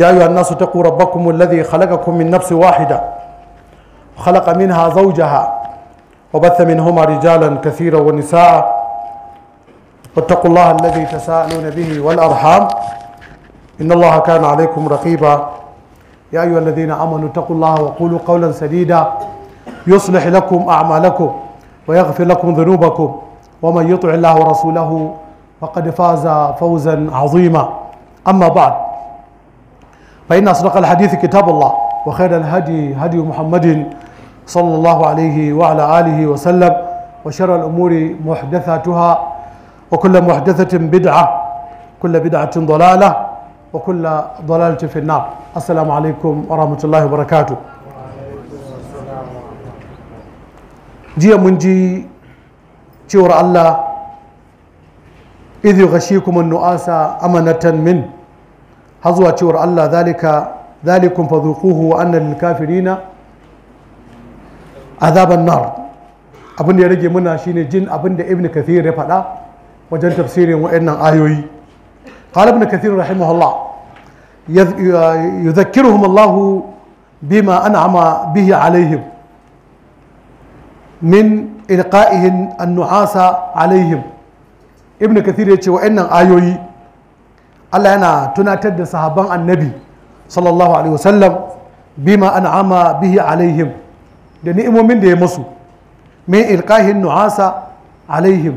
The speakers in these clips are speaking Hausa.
يا أيها الناس اتقوا ربكم الذي خلقكم من نفس واحدة خلق منها زوجها وبث منهما رجالا كثيرا ونساء واتقوا الله الذي تساءلون به والأرحام إن الله كان عليكم رقيبا يا أيها الذين آمنوا اتقوا الله وقولوا قولا سديدا يصلح لكم أعمالكم ويغفر لكم ذنوبكم ومن يطع الله ورسوله فقد فاز فوزا عظيما أما بعد فإن أصدق الحديث كتاب الله وخير الهدي هدي محمد صلى الله عليه وعلى آله وسلم وشر الأمور محدثاتها وكل محدثة بدعة كل بدعة ضلالة وكل ضلالة في النار السلام عليكم ورحمة الله وبركاته جي من جي الله إذ يغشيكم النؤاس an منه har zuwa cewar Allah zalika zalikum fadhuquhu wa anna lil kafirina azaban nar abin da ya rage muna shine jin abin da ibn kathir ya faɗa wajen tafsirin wa'annan ayoyi qala ibn kathir rahimahullah yudhakkiruhum Allah bima an'ama bihi alaihim min ilqa'ihim an-nu'asa alaihim ibn kathir ya ce wa'annan ayoyi Allah yana tunatar da sahabban annabi sallallahu alaihi wasallam bima an'ama bihi alaihim da ni'imomin da ya musu min ilkahin nu'asa alaihim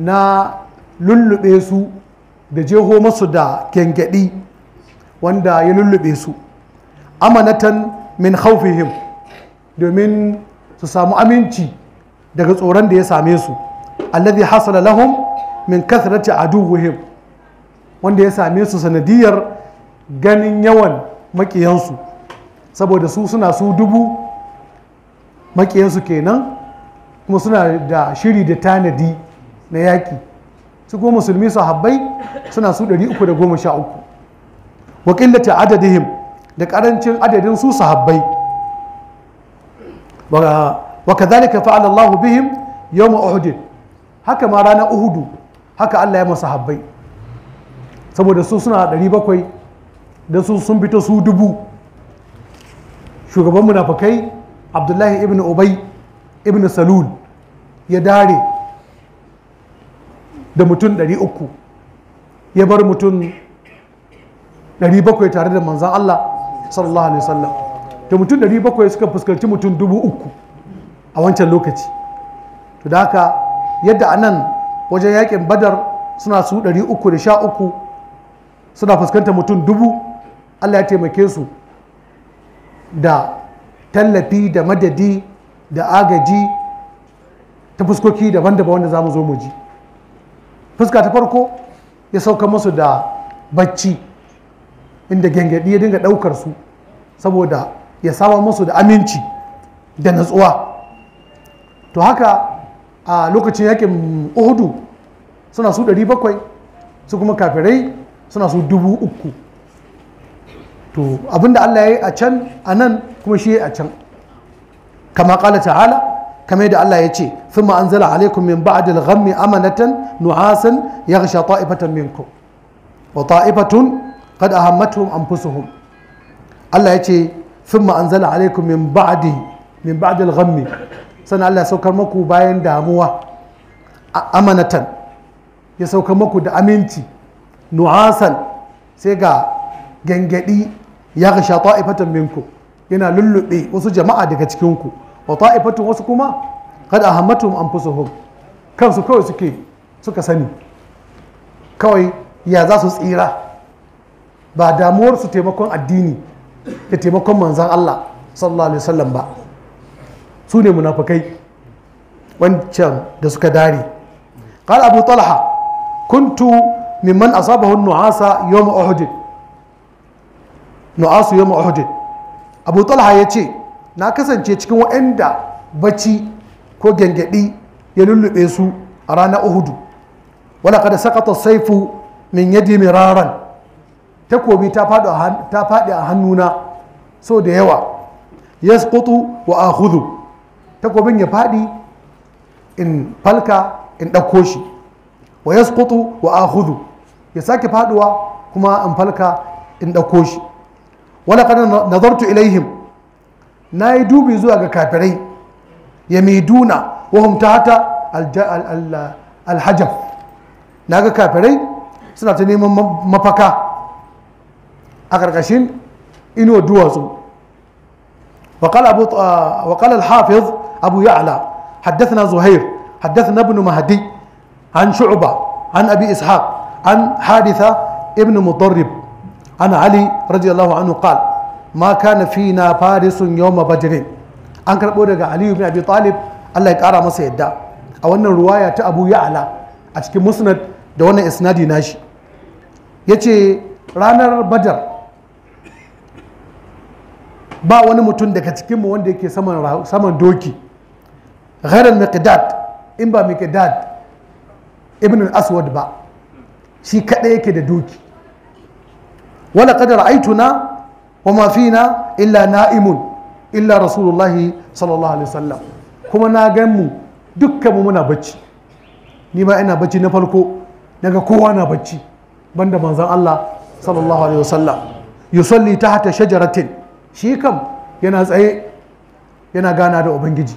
na lullube su da jeho masu da gengedi wanda ya lullube su amanatan min khawfihim domin su samu aminci daga tsoron da ya same su allazi hasala lahum min kathrati aduwwihim wanda ya same su sanadiyar ganin yawan makiyansu saboda su suna su dubu makiyansu kenan kuma suna da shiri da tanadi na yaƙi su kuma musulmi sahabbai suna su 313 wa ƙillata adadihim da ƙarancin adadin su sahabbai wa zalika fa'ala Allahu bihim yawma Uhud haka ma ranar Uhudu haka Allah ya masa sahabbai saboda su suna ɗari bakwai da su sun fito su dubu shugaban munafakai abdullahi ibn Obai ibn salul ya dare da mutum ɗari uku ya bar mutum ɗari bakwai tare da manzan allah sallallahu alaihi wasallam da mutum ɗari bakwai suka fuskanci mutum dubu uku a wancan lokaci to da haka yadda anan wajen yakin badar suna su ɗari uku da sha uku suna fuskantar mutum dubu allah ya taimake su da tallafi da madadi da agaji ta fuskoki daban-daban wanda za mu zo mu ji fuska ta farko ya sauka musu da bacci inda gyangyaɗi ya dinga ɗaukar su saboda ya sama musu da aminci da natsuwa to haka a lokacin yakin uhudu suna su 700 su kuma kafirai suna so dubu uku to abinda Allah ya yi a can a nan kuma shi a can kama kala ta'ala kamar da Allah ya ce thumma anzala alaikum min ghammi amanatan nuhasan ta'ifatan wa ta'ifatun qad ahammatuhum anfusuhum Allah ya ce thumma anzala alaikum min min ghammi sannan Allah ya saukar maku bayan damuwa amanatan ya saukar maku da aminci nuhasan sai ga gangadi ya kasha ta'ifatan minku yana lullube wasu jama'a daga cikinku wa ta'ifatun wasu kuma kada ahammatum anfusuhum kansu kawai suke suka sani kawai ya za su tsira ba damuwar su taimakon addini da taimakon manzan Allah sallallahu alaihi wasallam ba su ne munafikai wancan da suka dare قال Abu طلحة kuntu. mimman asabahu nuhasa yawma uhud nuhasu yawma uhud abu talha ya ce na kasance cikin waɗanda bacci ko gyangyaɗi ya lullube su a ranar uhudu wala kada sakata saifu min yadi miraran takobi ta faɗi a hannuna so da yawa ya wa ahudu takobin ya faɗi in falka in ɗauko shi wa ya wa ahudu ya sake faduwa kuma in falka in ɗauko shi wala na nazartu ilaihim na yi dubi zuwa ga kafirai ya mai duna wahum ta hata alhajaf na ga kafirai suna ta neman mafaka a ƙarƙashin ino duwatsu وقال الحافظ أبو يعلى حدثنا زهير حدثنا ابن مهدي عن شعبة عن أبي إسحاق عن حادثة ابن مضرب عن علي رضي الله عنه قال ما كان فينا فارس يوم بدر an karɓo daga aliyu bin abi talib allah ya ƙara masa yadda a wannan ruwaya ta abu ya'ala a cikin musnad da wannan isnadi nashi ya ce ranar badar ba wani mutum daga cikinmu wanda yake saman doki gharar miqdad in ba miqdad ibn aswad ba shi kaɗai yake da doki wala ƙadar aituna wa mafina illa na'imun illa rasulullahi sallallahu alaihi wasallam kuma na gan mu dukkan mu muna bacci ni ma ina bacci na farko daga kowa na bacci banda manzon Allah sallallahu alaihi wasallam yusalli tahta shajaratin shi kam yana tsaye yana gana da ubangiji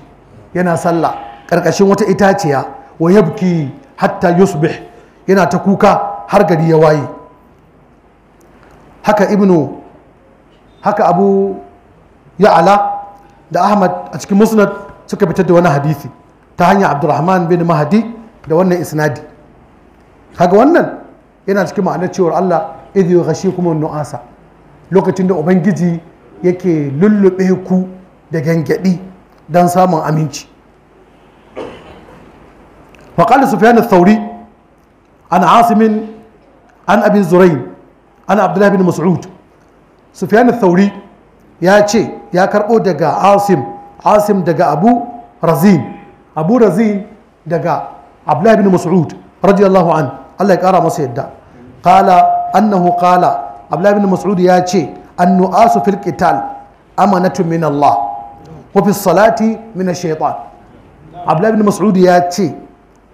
yana sallah karkashin wata itaciya wa yabki hatta yusbih yana ta kuka har gari ya waye haka ibnu haka abu ya'ala da ahmad a cikin musnad suka fitar da wani hadisi ta hanyar abdurrahman bin mahadi da wannan isnadi kaga wannan yana cikin ma'anar cewar allah idh kuma nu'asa lokacin da ubangiji yake lullube ku da gangadi don samun aminci وقال سفيان الثوري عن عاصم an abin zurain an abdullahi bin mas'ud sufyan thauri ya ce ya karbo daga asim asim daga abu razin abu razin daga abdullahi bin mas'ud radiyallahu an Allah ya kara masa yadda qala annahu qala abdullahi bin mas'ud ya ce an nu'asu fil qital amanatu min Allah wa fi salati min ash-shaytan abdullahi bin mas'ud ya ce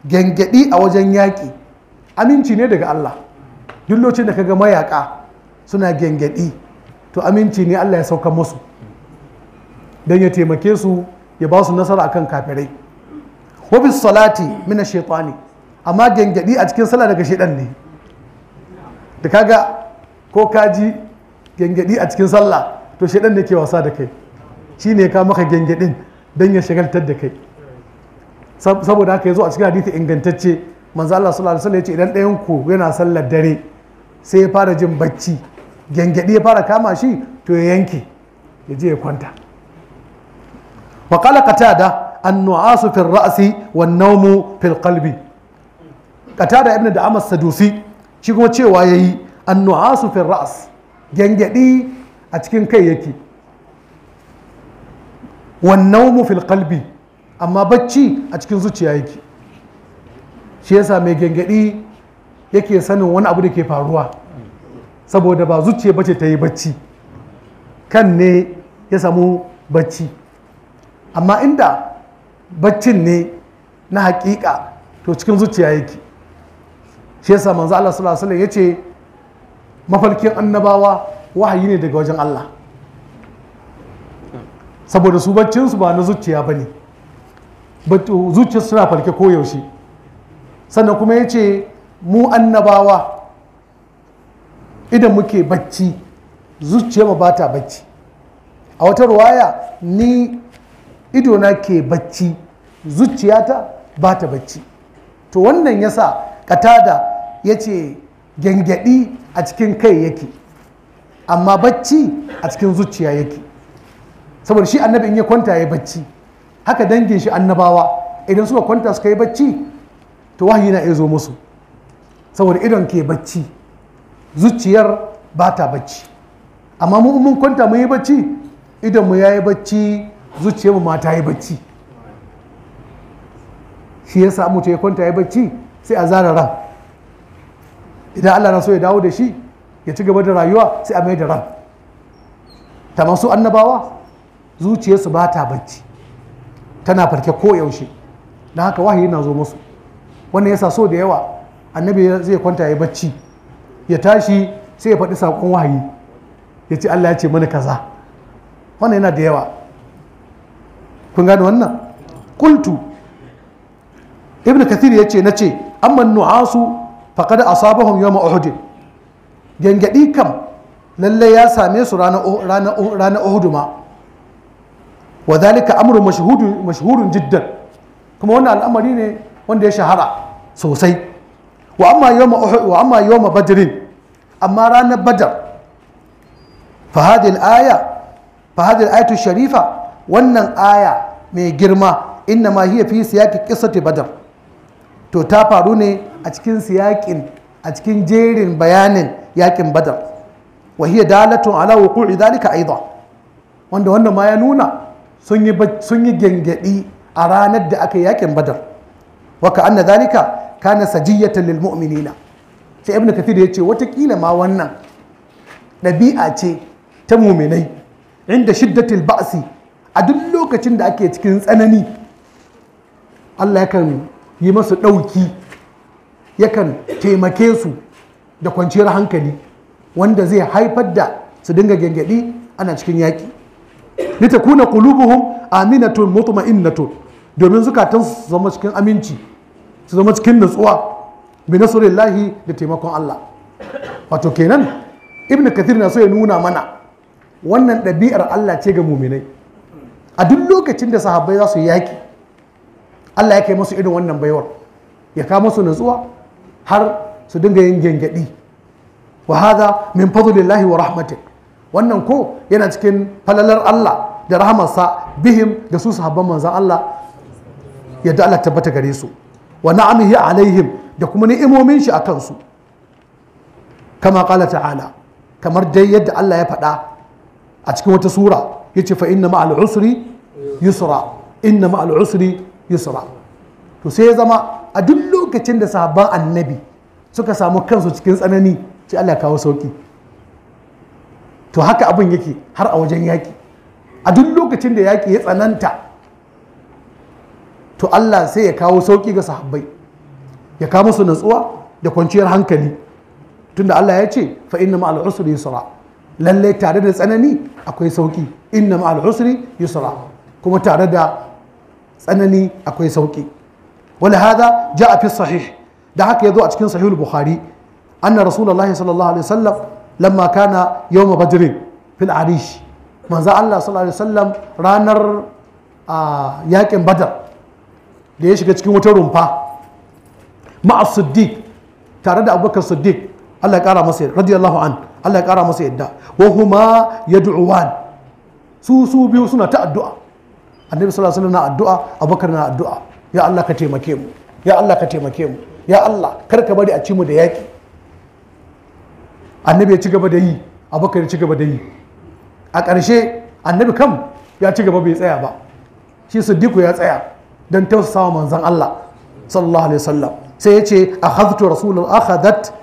gangadi a wajen yaki aminci ne daga Allah duk lokacin da kaga mayaka suna gengedi to aminci ne Allah ya sauka musu don ya taimake su ya ba su nasara akan kafirai bis salati mina shaytani amma gengedi a cikin sallah daga shaytan ne da kaga ko kaji gengedi a cikin sallah to shaytan ne ke wasa da kai shi ne ka maka gengedin don ya shagaltar da kai saboda haka ya zo a cikin hadithi ingantacce manzo Allah sallallahu alaihi wasallam ya ce idan ɗayan ku yana sallar dare sai ya fara jin bacci gyangyaɗi ya fara kama shi to ya yanke ya je ya kwanta wa katada qatada an-nu'asu fil ra'si wa naumu fil qalbi qatada ibn da amas sadusi shi kuma cewa yayi an-nu'asu fil ra's gyangyaɗi a cikin kai yake Wa naumu fil qalbi amma bacci a cikin zuciya yake shi yasa mai gyangyaɗi yake sanin wani abu da ke faruwa saboda ba zuciya bace ta yi bacci kan ne ya samu bacci amma inda baccin ne na hakika to cikin zuciya yake shi yasa manzo Allah sallallahu alaihi yace mafalkin annabawa wahayi ne daga wajen Allah saboda su baccin su ba na zuciya bane zuciya suna farke koyaushe sannan kuma yace mu annabawa idan muke bacci zuciyarmu ba ta bacci a wata ruwaya ni idona ke bacci zuciyata ba ta bacci to wannan yasa katada ya ce gyangyaɗi a cikin kai yake amma bacci a cikin zuciya yake saboda shi annabi in ya kwanta ya bacci haka dangin shi annabawa idan suka kwanta suka yi bacci to wahayi na iya zo musu saboda idon ke bacci zuciyar ba ta bacci amma mu mun kwanta mu yi bacci idon mu yayi bacci zuciyar mu ma ta yi bacci shi yasa mu ya kwanta ya bacci sai a zara ran idan Allah na so ya dawo da shi ya ci gaba da rayuwa sai a mai da ran ta masu annabawa zuciyarsu ba ta bacci tana farke ko yaushe don haka wahayi na zo musu wannan yasa so da yawa annabi zai kwanta ya bacci ya tashi sai ya faɗi saƙon wahayi ya ce Allah ya ce mana kaza wannan yana da yawa kun gane wannan kultu ibn kathir ya ce na ce amma nu'asu faqad asabahum yawm uhud gangadi kam lallai ya same su ranar ranar uhud ma wa dhalika amrun mashhurun jiddan kuma wannan al'amari ne wanda ya shahara sosai wa amma yawma uhud wa amma yawma badrin amma ranar badar fa hadhihi al-aya fa hadhihi al-ayatu sharifa wannan aya mai girma inna ma hiya fi siyaqi qissati badar to ta faru ne a cikin siyaƙin a cikin jerin bayanin yaƙin badar wa hiya dalatun ala wuqu'i dhalika aidan wanda wannan ma ya nuna sun yi gengedi a ranar da aka yi yaƙin badar wa ka anna dhalika kana sajiyatan lil mu'minina sai ibnu kathir ya ce watakila ma wannan dabi'a ce ta muminai inda shiddatil ba'si a duk lokacin da ake cikin tsanani Allah yakan yi masu ɗauki yakan taimake su da kwanciyar hankali wanda zai haifar da su dinga gyangyaɗi ana cikin yaƙi litakuna qulubuhum aminatun mutma'innatun domin zukatansu su zama cikin aminci su zama cikin nutsuwa bi lahi da taimakon Allah wato kenan ibn kathir na so ya nuna mana wannan ɗabi'ar Allah ce ga muminai a duk lokacin da sahabbai za su yi yaƙi, Allah ya kai masu irin wannan baiwar ya kawo masu nutsuwa har su dinga yin gyangyaɗi wa haza min fadlillahi wa rahmati wannan ko yana cikin falalar Allah da rahamarsa bihim da su sahabban manzan Allah yadda Allah tabbata gare su wa na'amihi alaihim da kuma ni'imomin shi a kansu kama kala ta'ala kamar dai yadda Allah ya faɗa a cikin wata sura ya ce fa inna ma'al usri yusra inna ma'al usri yusra to sai ya zama a duk lokacin da sahabban annabi suka samu kansu cikin tsanani sai Allah ya kawo sauki to haka abin yake har a wajen yaki a duk lokacin da yaki ya tsananta to Allah sai ya kawo sauki ga sahabbai ya kawo musu natsuwa da kwanciyar hankali tunda Allah ya ce fa inna ma'al usri yusra lalle tare da tsanani akwai sauki inna ma'al usri yusra kuma tare da tsanani akwai sauki wala hada ja'a fi sahih da haka yazo a cikin al bukhari anna rasulullahi sallallahu alaihi wasallam lamma kana yawm badr fil arish manzo Allah sallallahu alaihi wasallam ranar ah, yakin badar da ya shiga cikin wata rumfa ma'a siddiq tare da abubakar siddiq Allah ya kara masa radiyallahu an Allah ya kara masa yadda wa huma yad'uwan su su biyu suna ta addu'a annabi sallallahu alaihi wasallam na addu'a abubakar na addu'a ya Allah ka taimake mu ya Allah ka taimake mu ya Allah kar ka bari a ci mu da yaki annabi ya ci gaba da yi abubakar ya ci gaba da yi a ƙarshe annabi kam ya ci gaba bai tsaya ba shi siddiqu ya tsaya don tausasawa manzan Allah sallallahu alaihi wasallam sai ya ce a akhadtu rasulun akhadat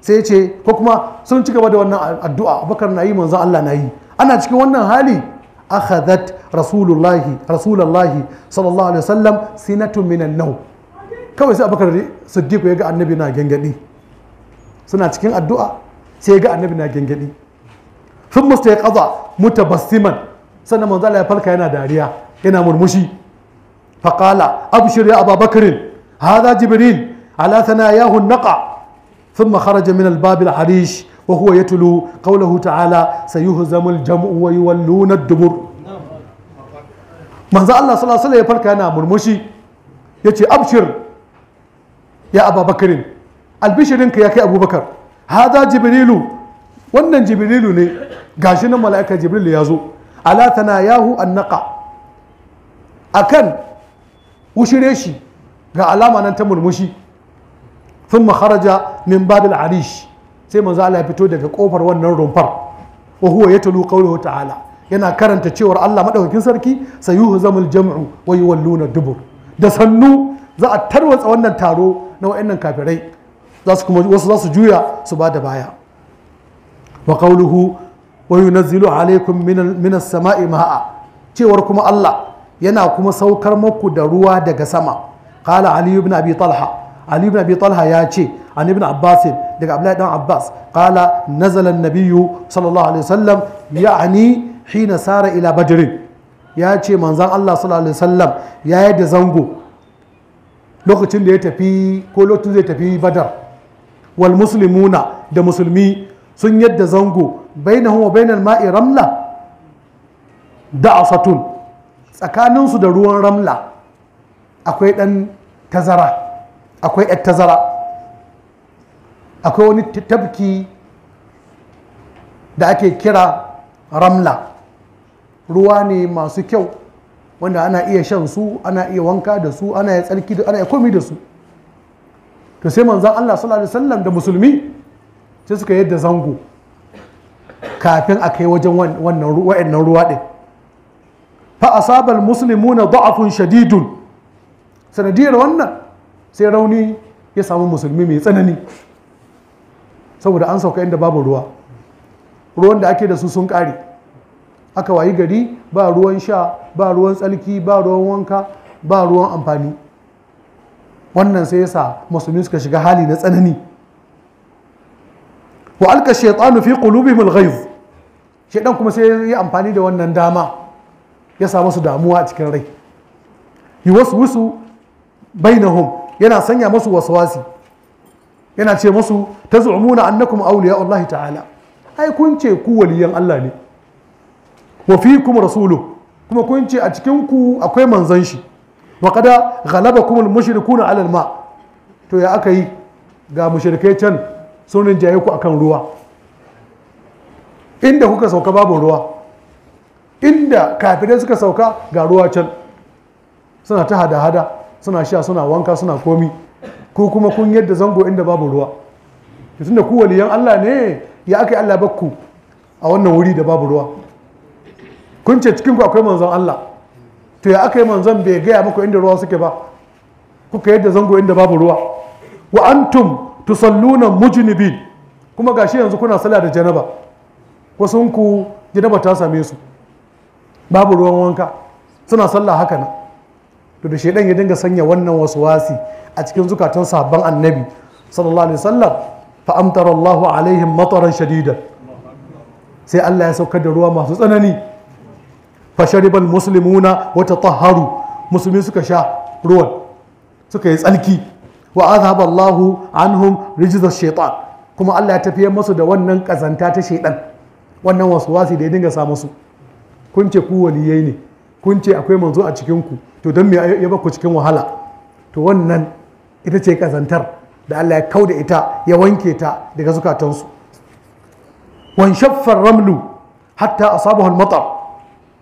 sai ya ce ko kuma sun ci gaba da wannan addu'a abubakar na yi manzan Allah na yi ana cikin wannan hali akhadat rasulullahi rasulullahi sallallahu alaihi wasallam sinatun minan nau kawai sai abubakar siddiq ya ga annabi na gengadi suna cikin addu'a sai ya ga annabi na gengadi sun musta ya kaza mutabassiman sannan manzo Allah ya farka yana dariya yana murmushi فقال أبشر يا أبا بكر هذا جبريل على ثناياه النقع ثم خرج من الباب الحريش وهو يتلو قوله تعالى سيهزم الجمع ويولون الدبر manzo Allah sallallahu alaihi wasallam ya yana murmushi yace abshir ya ababakarin albishirinka ya kai abubakar hada jibrilu wannan jibrilu ne gashi nan mala'ika jibrilu ya zo ala tanayahu annaqa akan wushire shi ga alama nan ta murmushi sun makaraja min babil arish sai manzo Allah ya fito daga kofar wannan rumfar wa huwa yatlu qawluhu ta'ala yana karanta cewar Allah madaukakin sarki sayuhu zamul jam'u wa yuwalluna dubur da sannu za a tarwatsa wannan taro na wayannan kafirai za su kuma wasu za su juya su ba da baya wa qawluhu wa yunazzilu alaykum min as-sama'i ma'a cewar kuma Allah yana kuma saukar maku da ruwa daga sama qala ali ibn abi talha ali ibn abi talha ya ce an ibn abbas daga abdullahi dan abbas qala nazala an-nabiyyu sallallahu alaihi wasallam ya'ni hina sara ila badr ya ce manzon Allah sallallahu alaihi wasallam ya yi da zango lokacin da ya tafi ko lokacin zai tafi badar wal muslimuna da musulmi sun yadda zango bainahu wa bainal ma'i ramla da'asatun tsakaninsu da ruwan ramla akwai ɗan tazara akwai ‘yar tazara akwai wani tafki da ake kira ramla ruwa ne masu kyau wanda ana iya shan su ana iya wanka da su ana iya tsarki da ana iya komi da su to sai manzan Allah sallallahu alaihi da musulmi sai suka yadda zango kafin a kai wajen wannan ruwa ɗin fa asabal muslimuna da'afun shadidun sanadiyar wannan sai rauni ya samu musulmi mai tsanani saboda an sauka inda babu ruwa ruwan da ake da su sun kare aka wayi gari ba ruwan sha ba ruwan tsalki ba ruwan wanka ba ruwan amfani wannan sai yasa musulmi suka shiga hali na tsanani wa alka shaitanu fi qulubihim al shaitan kuma sai ya amfani da wannan dama ya samu masu damuwa a cikin rai yi wasu wusu bainahum yana sanya masu waswasi yana ce masu ta zu'umuna annakum auliya Allah ta'ala ai kun ce ku waliyan Allah ne wa kuma rasulu kuma kun ce a cikin ku akwai manzan shi wa kada kuma kuma mushrikuna 'ala alalma. to ya aka yi ga mushrikai can sunan rinjaye ku akan ruwa inda kuka sauka babu ruwa inda kafirai suka sauka ga ruwa can suna ta hada-hada suna sha suna wanka suna komi ko kuma kun yadda zango inda babu ruwa tun da ku waliyan Allah ne ya aka yi Allah bakku a wannan wuri da babu ruwa kun ce cikin ku akwai manzon Allah to ya aka yi manzon bai gaya maku inda ruwa suke ba kuka yadda zango inda babu ruwa wa antum tusalluna mujnibin kuma gashi yanzu kuna sala da janaba wasu ku janaba ta same su babu ruwan wanka suna sallah haka na. to da shaidan ya dinga sanya wannan wasu wasi a cikin zukatan sabon annabi sallallahu alaihi wasallam fa amtara Allahu alaihim mataran shadidan sai Allah ya saukar da ruwa masu tsanani fa sharibal muslimuna wa tatahharu musulmi suka sha ruwan suka yi tsalki wa azhaba Allahu anhum rijza shaitan kuma Allah ya tafiyar masu da wannan kazanta ta shaidan wannan wasu wasi da ya dinga sa musu kun ce ku waliyai ne kun ce akwai manzo a cikinku to don me ya baku cikin wahala to wannan ita ce kazantar da Allah ya kau da ita ya wanke ta daga zukatansu wan shaffar ramlu hatta a sabon matar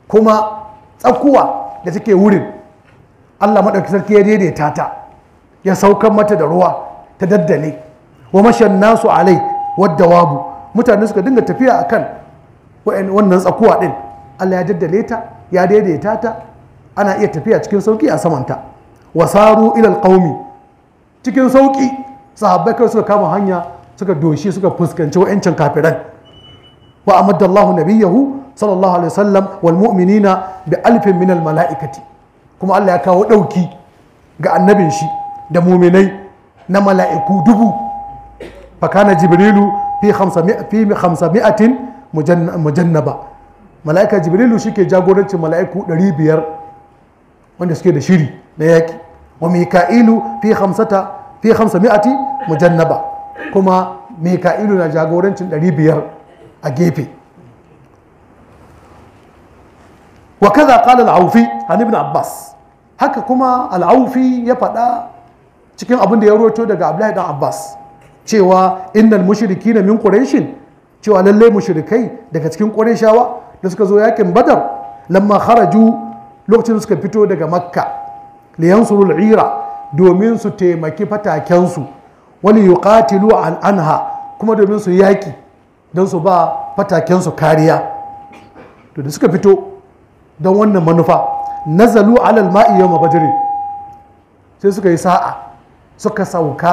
kuma tsakuwa da take wurin Allah madaukakin sarki ya daidaita ta ya saukar mata da ruwa ta daddale wa mashan nasu alai wadda wabu mutane suka dinga tafiya akan wannan tsakuwa ɗin. Allah ya jaddale ta ya daidaita ta ana iya tafiya cikin sauki a samanta wasaru ilal qaumi cikin sauki sahabbai kai suka kama hanya suka doshi suka fuskanci wa'ancin kafiran wa Allahu nabiyahu sallallahu alaihi wasallam wal mu'minina bi alfin min al mala'ikati kuma Allah ya kawo dauki ga annabin shi da muminai na mala'iku dubu kana jibrilu fi 500 fi 500 mujannaba mala'ika jibrilu shi ke jagorancin mala'iku 500 wanda suke da shiri na yaki. wa mika'ilu fi hamsata fi hamsa mi'ati mujannaba kuma mika'ilu na jagorancin 500 a gefe wa kaza qala al-awfi an abbas haka kuma al'aufi ya faɗa cikin abin da ya roto daga abdullahi dan abbas cewa innal mushrikina min quraishin cewa lallai mushrikai daga cikin qurayshawa da suka zo yakin badar lamma kharaju lokacin da suka fito daga makka liyansuru al'ira domin su taimaki fatakensu wani yuqatilu an anha kuma domin su yaki don su ba fatakensu kariya to da suka fito don wannan manufa nazalu alal ma'i yawma badri sai suka yi sa'a suka sauka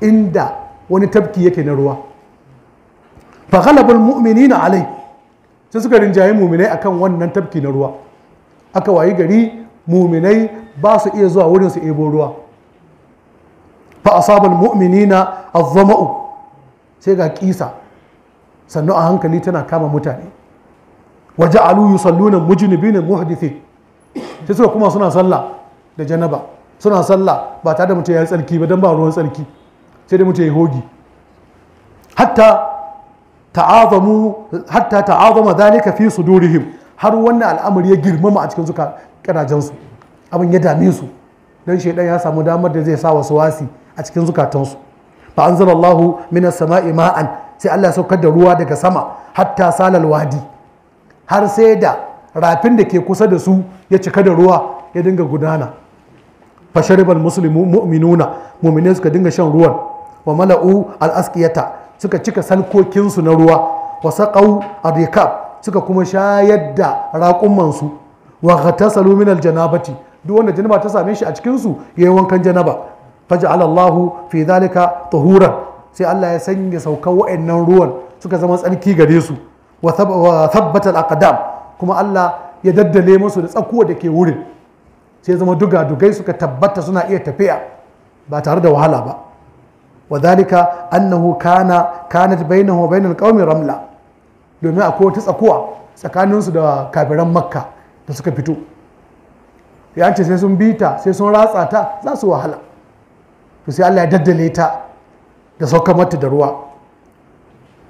inda wani tafki yake na ruwa fa ghalabul mu'minina alai sai suka rinjaye muminai a kan wannan tafki na ruwa aka wayi gari muminai ba su iya zuwa wurin su ebo ruwa fa asabal mu'minina azzama'u sai ga kisa sannu a hankali tana kama mutane Waje ja'alu salluna mujnibina muhadithi sai suka kuma suna sallah da janaba suna sallah ba tare da mutum ya yi tsarki ba don ba ruwan tsarki sai da mutum ya hogi hatta ta'azamu hatta ta'azama zalika fi sudurihim har wannan al'amari ya girmama a cikin suka kadajen su abin ya dame su dan shedan ya samu damar da zai sa wasu wasi a cikin zukatansu fa anzalallahu minas sama'i ma'an sai Allah saukar da ruwa daga sama hatta salal wadi har sai da rafin da ke kusa da su ya cika da ruwa ya dinga gudana fa sharibal muslimu mu'minuna mu'minai suka dinga shan ruwan wa mala'u al-asqiyata suka cika salkokinsu na ruwa wasaƙau adikab suka kuma shayar da raƙumansu wa ghatasalu min aljanabati duk wanda janaba ta same shi a cikinsu ya yi wankan janaba Faja alallahu fi zalika tahuran sai Allah ya sanya wa'in wa'annan ruwan suka zama tsarki gare su wa thabbata al kuma Allah ya daddale musu da tsakuwa da ke wurin sai zama duga dugai suka tabbata suna iya tafiya ba tare da wahala ba Wa wadhalika annahu kana kana bainahu wa bainal qaumi ramla domin akwai wata tsakuwa tsakaninsu da kafiran makka da suka fito ya ce sai sun bita sai sun ratsa ta za su wahala to sai Allah ya daddale ta da saukar mata da ruwa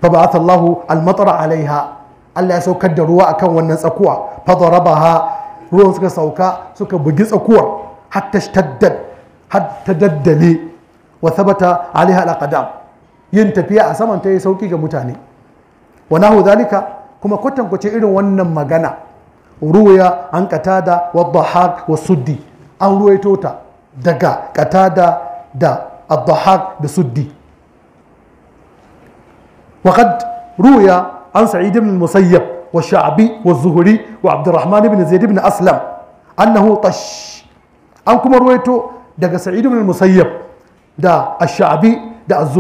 fa ba'atha Allahu al alaiha Allah ya saukar da ruwa akan wannan tsakuwa fa darabaha ruwan suka sauka suka bugi tsakuwar hatta shtaddat hatta daddale wa thabata alaiha alaqdam yin tafiya a saman ta yi sauki ga mutane wa nahu zalika kuma kwatankwace irin wannan magana ruwaya an ƙatada wa dhahak wa suddi an ruwaito ta daga ƙatada da ad-dhahak da suddi an وقد روي Musayyab wa بن wa والشعبي wa وعبد الرحمن بن زيد بن أسلم tash. An kuma رويتو daga سعيد بن Musayyab. da Ashabi da az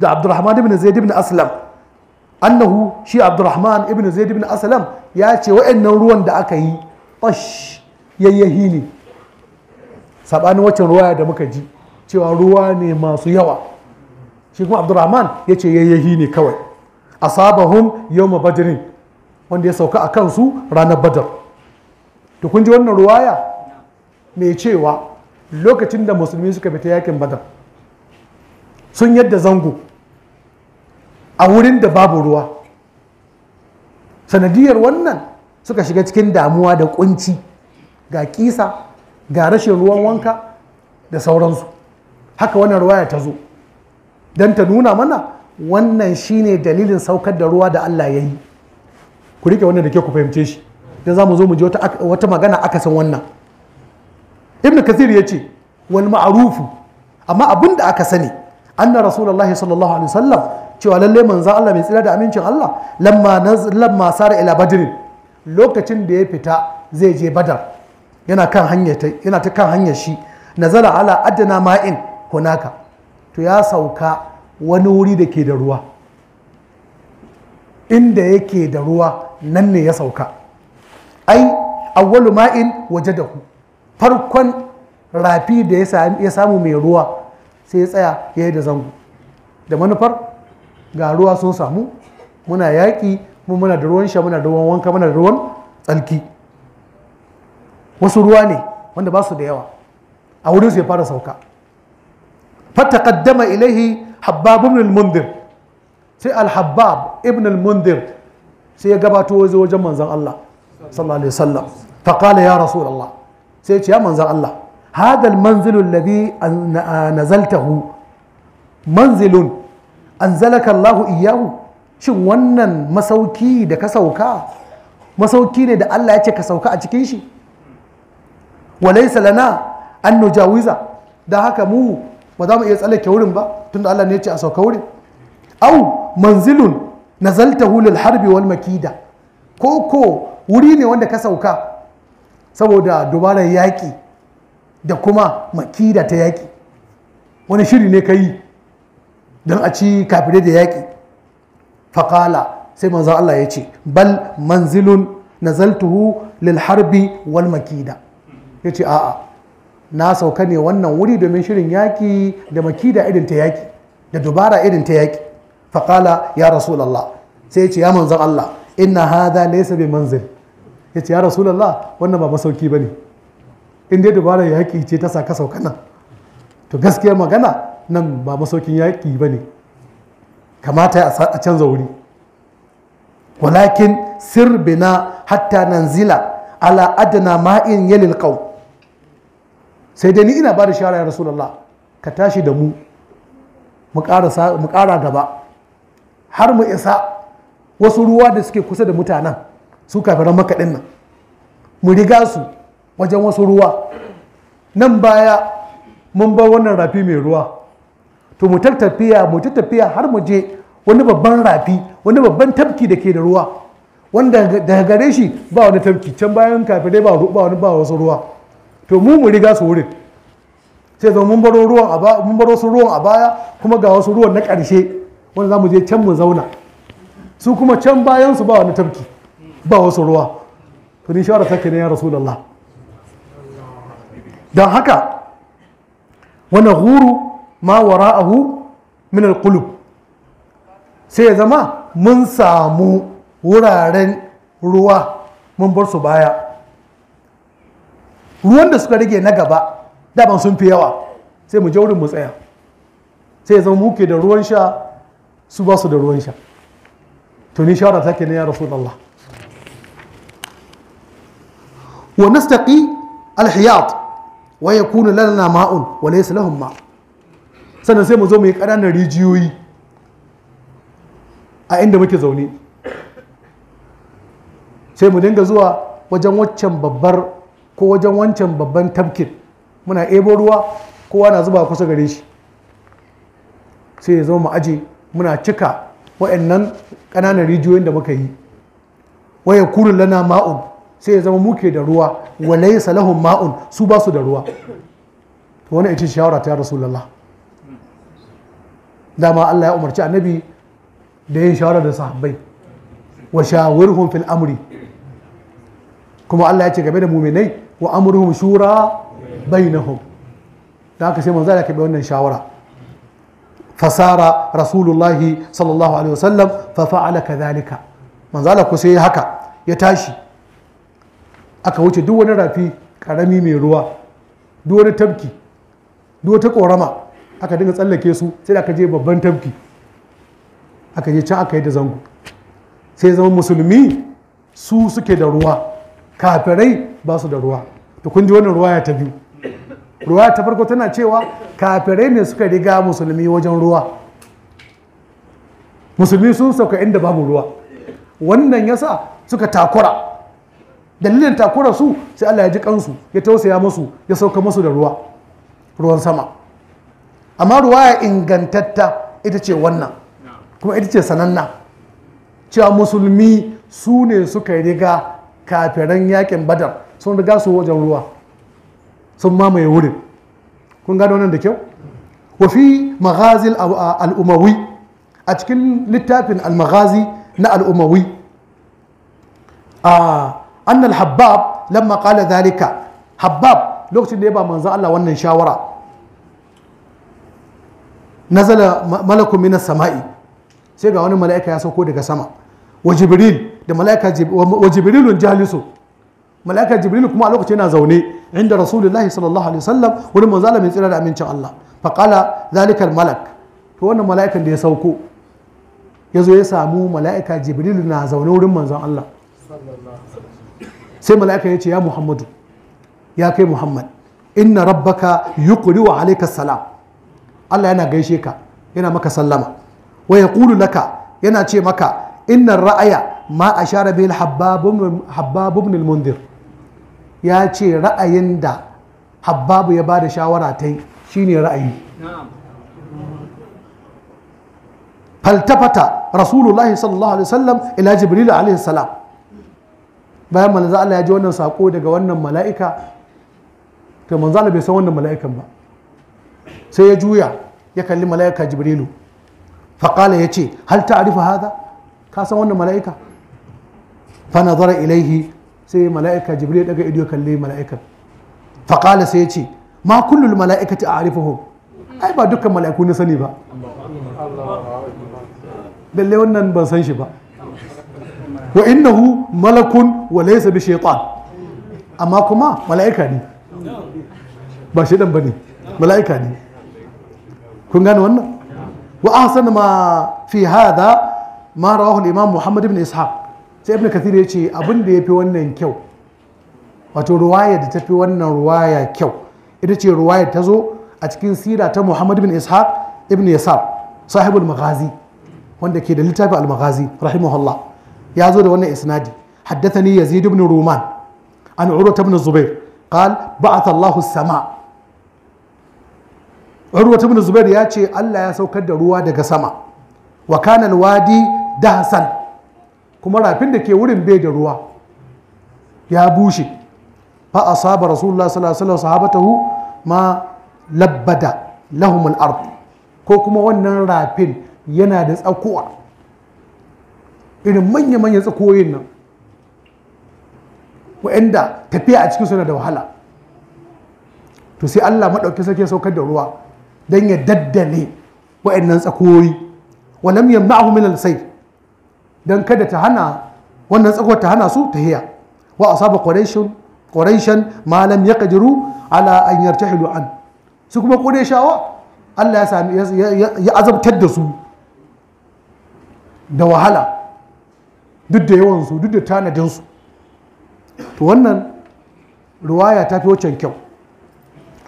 da abdurrahman ibn zaid ibn aslam annahu shi abdurrahman ibn zaid ibn aslam ya ce wa'annan ruwan da aka yi fash yayyahi ne sabanin waccan ruwaya da muka ji cewa ruwa ne masu yawa shi kuma abdurrahman ya ce yayyahi ne kawai A asabahum yawma badrin wanda ya sauka a kansu ranar badar to kun ji wannan ruwaya mai cewa lokacin da musulmi suka fita yakin badar sun yadda zango a wurin da babu ruwa sanadiyar wannan suka shiga cikin damuwa da kunci ga kisa ga rashin ruwan wanka da sauransu haka wannan ruwaya ta zo don ta nuna mana wannan shine dalilin saukar da ruwa da Allah ya yi ku rike wannan da ke ku fahimce shi don za mu zo mu ji wata magana aka san wannan ibn kasir ya ce wani ma'arufu amma abin da aka sani anna rasulullahi sallallahu alaihi wasallam cewa lalle manzan Allah mai tsira da amincin Allah lamma lamma sara ila lokacin da ya fita zai je badar yana ta kan hanyar shi nazala ala adna ma'in hunaka to ya sauka wani wuri da ke da ruwa inda yake da ruwa nan ne ya sauka ai awwalu ma'in ku farkon rafi da ya samu mai ruwa sai ya tsaya ya yi da zango da manufar ga ruwa sun samu muna yaƙi mu muna da ruwan sha muna da ruwan wanka muna da ruwan tsalki wasu ruwa ne wanda ba su da yawa a wurin su ya fara sauka kaddama ilaihi habbab ibn al-mundir sai al-habbab ibn al-mundir sai ya gabato wajen manzon Allah sallallahu alaihi wasallam qala ya rasulullah sai ya ce ya manzon Allah هذا المنزل الذي نزلته منزل أنزلك الله إياه shin wannan masauki da ka sauka masauki ne da Allah ya ce ka sauka a cikin shi walaysa lana an nujawiza da haka mu ba za mu iya tsallake wurin ba tunda Allah ne ya ce a sauka wurin au manzilun nazaltahu lil harbi wal makida ko ko wuri ne wanda ka sauka saboda dubarar yaƙi da kuma makida ta yaƙi wani shiri ne ka yi don a ci kafire da yaƙi faƙala sai manzan Allah ya ce bal manzilun nazaltuhu lil harbi wal makida ya ce a'a na sauka ne wannan wuri domin shirin yaƙi da makida irin ta yaƙi da dubara irin ta yaƙi faƙala ya rasulallah sai ya ce ya manzan Allah inna hada laysa bi manzil ya ce ya rasulallah wannan ba masauki ba ne in dai dubarar yaƙi ce ta saka sauka nan to gaskiyar magana nan ba masaukin yaƙi ba ne kamata a canza wuri walakin sirbina hatta nanzila ala adana ma'in yalil ƙau. sai dai ni ina ba da shara ya lalla ka tashi da mu mu ƙara gaba har mu isa wasu ruwa da suke kusa da mutanen su kafiran makaɗin nan mu riga su wajen wasu ruwa nan baya mun bar wannan rafi mai ruwa to mu tattafiya mu tafiya har mu je wani babban rafi wani babban tafki da ke da ruwa wanda daga gare shi ba wani tafki can bayan dai ba wani ba wasu ruwa to mu mu riga su wurin sai zo mun baro ruwan a mun baro su ruwan a baya kuma ga wasu ruwan na ƙarshe wanda za mu je can mu zauna su kuma can bayan su ba wani tafki ba wasu ruwa to ni shawara take ne ya rasulullah don haka wani huru ma wara'ahu min alkulub sai ya zama mun samu wuraren ruwa mun bar su baya ruwan da suka rage na gaba daban sun fi yawa sai mu jaurin mu tsaya sai ya zama muke da ruwan sha su ba su da ruwan sha to ni shawara take ne ya Allah wa nastaqi alhiyat waya kuna lalana ma'un wale su lahun ma sannan sai mu zo mu yi ƙananan rijiyoyi a inda muke zaune sai mu dinga zuwa wajen waccan babbar ko wajen wancan babban tamkin muna ebo ruwa kowa na zuba kusa gare shi sai ya zo mu aje muna cika wa'annan ƙananan rijiyoyin da muka yi waya kuna lana ma'un sai ya zama muke da ruwa walai salahun ma'un su ba su da ruwa wani ya shawara ta rasulullah dama Allah ya umarci annabi da yin shawara da sahabbai wa shawirhum fil amri kuma Allah ya ce game da muminai wa amruhum shura bainahum da haka sai manzo ya bi wannan shawara fasara rasulullahi sallallahu alaihi wasallam fa fa'ala kadhalika manzo Allah sai haka ya tashi aka wuce duk wani rafi karami mai ruwa duk wani tabki duk wata korama aka dinga tsallake su sai aka je babban tabki aka je can aka yi da zango sai zama musulmi su suke da ruwa kafirai ba su da ruwa to kun ji wannan ya ta biyu ruwa ta farko tana cewa kafirai ne suka riga musulmi wajen ruwa musulmi sun sauka inda babu ruwa wannan yasa suka takura dalilin takurar su sai Allah ya ji kansu ya tausaya musu ya sauka musu da ruwa ruwan sama amma ruwa ya ingantatta ita ce wannan kuma ita ce sananna cewa musulmi su ne suka riga kafiran yakin badar sun riga su wajen ruwa sun mamaye wurin kun gano nan da kyau wafi maghazil al'umawi a cikin littafin al-maghazi na al'umawi a annal habbab lamma qala zalika habbab lokacin da ya ba manzo Allah wannan shawara nazala malakun minas sama'i sai ga wani mala'ika ya sauko daga sama wa jibril da mala'ika wa jibrilun jalisu mala'ika jibril kuma a lokacin yana zaune inda rasulullahi sallallahu alaihi wasallam wurin manzo Allah mai tsira da amincin Allah fa qala zalikal malak to wannan mala'ikan da ya sauko ya zo ya samu mala'ika jibril na zaune wurin manzon Allah sai mala'ika ya ce ya muhammadu ya kai muhammad inna rabbaka yukuri wa alayka salam Allah yana gaishe ka yana maka sallama wa yaqulu laka yana ce maka inna ra'aya ma ashara bil habbab ibn al mundir ya ce ra'ayin da habbabu ya bada shawara ta yi shine ra'ayi faltafata rasulullahi sallallahu ila jibril alaihi bayan manzo Allah ya ji wannan sako daga wannan mala'ika to manzo Allah bai san wannan mala'ikan ba sai ya juya ya kalli mala'ika Jibrilu faqala yace hal ta'rifu hadha ka san wannan mala'ika fa nazara ilaihi sai mala'ika Jibril daga ido kalli mala'ikan faqala sai yace ma kullul mala'ikati a'rifuhum ai ba dukkan mala'iku ne sani ba lalle wannan ban san shi ba wa innahu malakun wa laysa bi shaytan amma kuma mala'ika ne ba shaidan bane mala'ika ne kun gane wannan wa ahsana ma fi hada ma rawahu al-imam Muhammad ibn Ishaq sai ibn Kathir ya ce abin da yafi wannan kyau wato ruwaya da tafi wannan ruwaya kyau ita ce ruwaya ta zo a cikin sira ta Muhammad ibn Ishaq ibn yasab sahibul maghazi wanda ke da littafin al-maghazi rahimahullah ya zo da wannan isnadi haddathani yazid ibn ruman an urwa ibn zubair qal ba'atha Allahu sama urwa ibn zubair ya ce Allah ya saukar da ruwa daga sama wa kana alwadi dahsan kuma rafin da ke wurin bai da ruwa ya bushe fa asaba rasulullah sallallahu alaihi wasallam sahabatahu ma labbada lahum al-ard ko kuma wannan rafin yana da tsakuwa irin manya-manyan tsakoyin nan wa'anda tafiya a cikin suna da wahala to sai Allah maɗauki sarki saukar da ruwa don ya daddale wa'annan tsakoyi walam yamna'hu min al sai. dan kada ta hana wannan tsakowar ta hana su ta hiya wa a saba quraishan Malam ya kajiru ala an yartahilu an su kuma quraishawa Allah ya azabtar da su da wahala duk da yawan su duk da tanadinsu to wannan ruwaya ta fi wancan kyau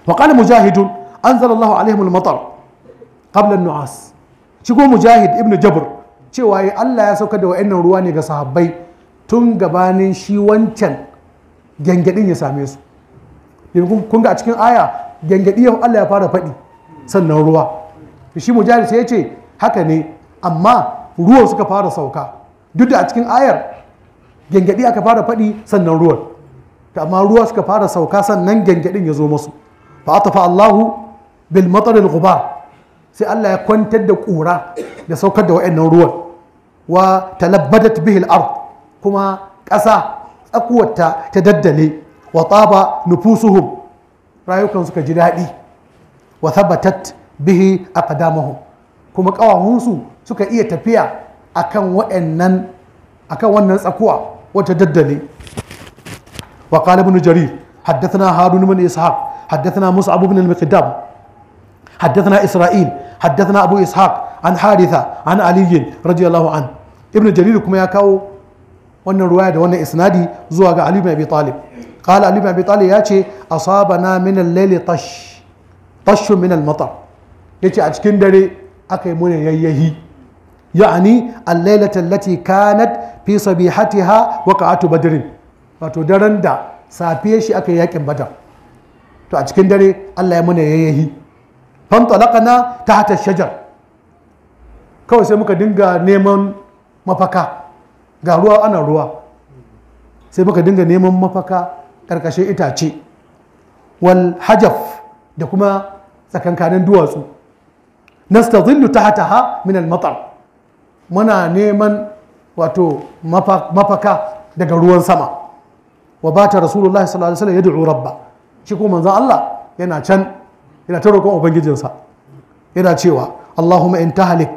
an مجاهد Allahu الله عليهم المطر قبل nu'as. shigo mujahid ibnu jabr cewa ya Allah ya sauka da wa'annan ruwa ne ga sahabbai tun gabanin shi wancan gyangadin ya same su kun ga a cikin aya gyangyaɗi yau Allah ya fara faɗi sannan ruwa shi mujahid sai ya ce haka ne amma ruwan suka fara sauka duk da a cikin ayar gyangyaɗi aka fara faɗi sannan ruwan amma ruwa suka fara sauka sannan gyangyaɗin ya zo masu fa atafa Allahu bil matar guba sai Allah ya kwantar da ƙura da saukar da wayannan ruwan wa talabbadat bihil ard kuma ƙasa tsakuwarta ta daddale wa tsaba nufusuhum rayukan suka ji daɗi wa thabatat bihi aqdamuhum kuma ƙawahunsu suka iya tafiya akan wannan tsakuwa wata daddale wa qala ibn jarir haddathana harun ibn ishaq haddathana mus'ab ibn al-miqdam haddathana isra'il haddathana abu ishaq an haritha an ali radiyallahu an ibn jarir kuma ya kawo wannan ruwaya da wannan isnadi zuwa ga ali bin abi talib qala ali abi talib ya ce asabana min al-layli tash tash min al-matar yace a cikin dare aka yi mun yayyahi ya'ani allailata allati kanat fi sabihatiha waqa'atu badrin wato daren da safiye shi aka yi yakin badar to a cikin dare Allah ya mana yayahi ta tahta shajar kawai sai muka dinga neman mafaka ga ruwa ana ruwa sai muka dinga neman mafaka karkashin itace wal hajaf da kuma tsakankanin duwatsu nastazillu ha min al-matar muna neman wato mafaka daga ruwan sama wa bata rasulullahi sallallahu alaihi wasallam yad'u rabba shi ko manzon Allah yana can yana ta roƙon ubangijinsa yana cewa Allahumma in tahlik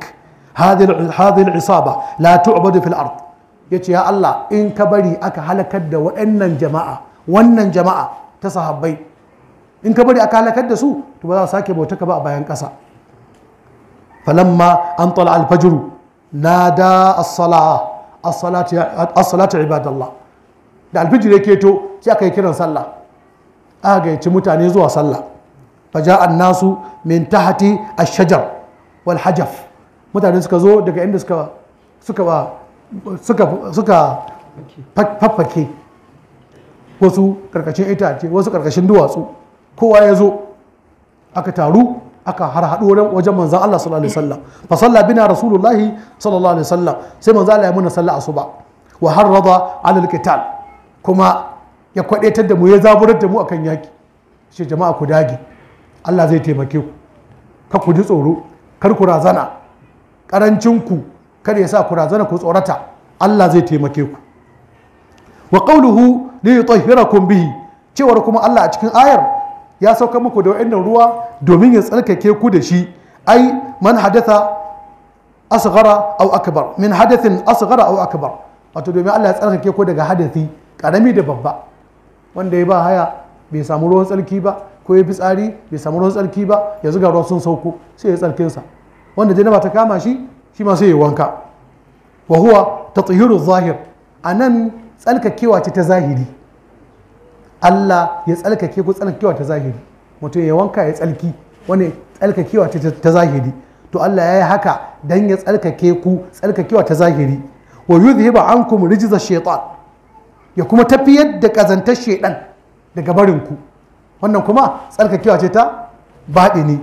hadhihi al-isaba la tu'badu fil ard yace ya Allah in ka bari aka halakar da waɗannan jama'a wannan jama'a ta sahabbai in ka bari aka halakar da su to ba za a sake bauta ka ba a bayan ƙasa falamma an tala al-fajr nada as-sala ibadallah da alfijir ya keto sai aka yi kiran sallah aka gayyaci mutane zuwa sallah faja annasu min tahati ash-shajar wal hajaf mutane suka zo daga inda suka suka suka faffake wasu karkashin itace wasu karkashin duwatsu kowa ya zo aka taru aka har harhaɗo wajen manzan Allah sallallahu alaihi wasallam fa salla bina rasulullahi sallallahu alaihi wasallam sai manzan Allah ya muna salla asuba wa Raba ala alqital kuma ya kwadaitar da mu ya zaburar da mu akan yaki shi jama'a ku dage Allah zai taimake ku kar ku ji tsoro kar ku razana karancin ku kar ya sa ku razana ku tsorata Allah zai taimake ku wa qawluhu li yutahhirakum bihi cewar kuma Allah a cikin ayar ya sauka muku da wa'annan ruwa domin ya tsarkake ku da shi ai man hadatha asghara aw akbar min hadathin asghara aw akbar wato domin Allah ya tsarkake ku daga hadathi karami da babba wanda ya ba haya bai samu ruwan tsarki ba ko ya tsari, bai samu ruwan tsarki ba Ya zuga ruwan sun sauko sai ya tsarkinsa wanda ba ta kama shi shi ma sai ya wanka wa huwa tatahhiru zahir anan tsarkakewa ce ta zahiri Allah ya tsalkake ku tsalkakewa ta zahiri mutum ya wanka ya tsalki wani tsalkakewa ta zahiri to Allah ya yi haka dan ya tsalkake ku tsalkakewa ta zahiri wa an ankum rijza shaitan ya kuma tafiyar da kazantar shaitan daga barin ku wannan kuma tsalkakewa ce ta ne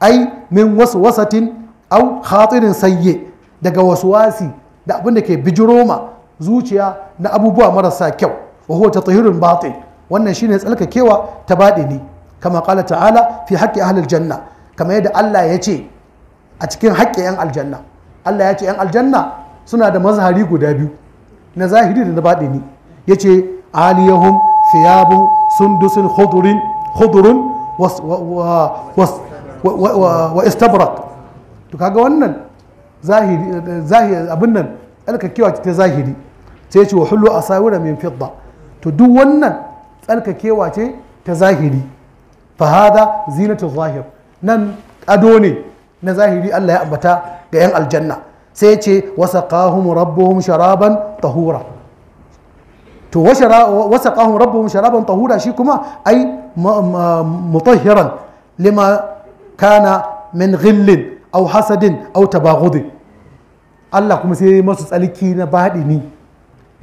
ai min wasu wasatin au khatirin sayye daga wasu wasi da abin da ke bijiroma zuciya na abubuwa marasa kyau wa huwa tatahirun batin wannan shine tsalkakewa ta ni kama ƙala ta'ala fi haƙƙi ahlil janna kama yadda Allah ya ce a cikin haƙƙi 'yan aljanna Allah ya ce 'yan aljanna suna da mazhari guda biyu na zahiri da na ne ya ce aliyahum thiyabun sundusin khudurun khudurun wa istabrak to kaga wannan zahiri abin nan alkakewa ta zahiri sai ya ce wa hullu asawira min fidda to duk wannan tsarkakewa ce ta zahiri fahada zinatu zahir nan ado ne na zahiri Allah ya ambata ga 'yan aljanna sai ce wasa kahun rabbohun sharaban tahura to wasa kahun rabbohun sharaban tahura shi kuma ai mutahiran lima kana min ghillin au hasadin au tabagudin Allah kuma sai masu tsalki na baɗi ni.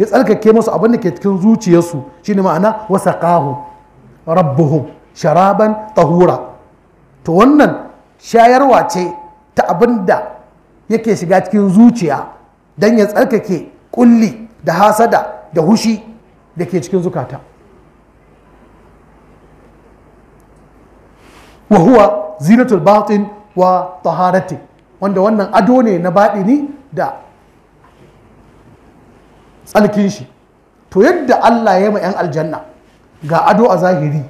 ya tsarkake musu abin da ke cikin zuciyarsu shi ne ma'ana wasa ƙahu rabbuhum sharaban tahura to wannan shayarwa ce ta abin da yake shiga cikin zuciya don ya tsarkake kulli da hasada da hushi da ke cikin zukata wa huwa zinatul batin wa taharati wanda wannan ado ne na baɗini da tsalkin shi to yadda Allah ya ma 'yan aljanna ga ado a zahiri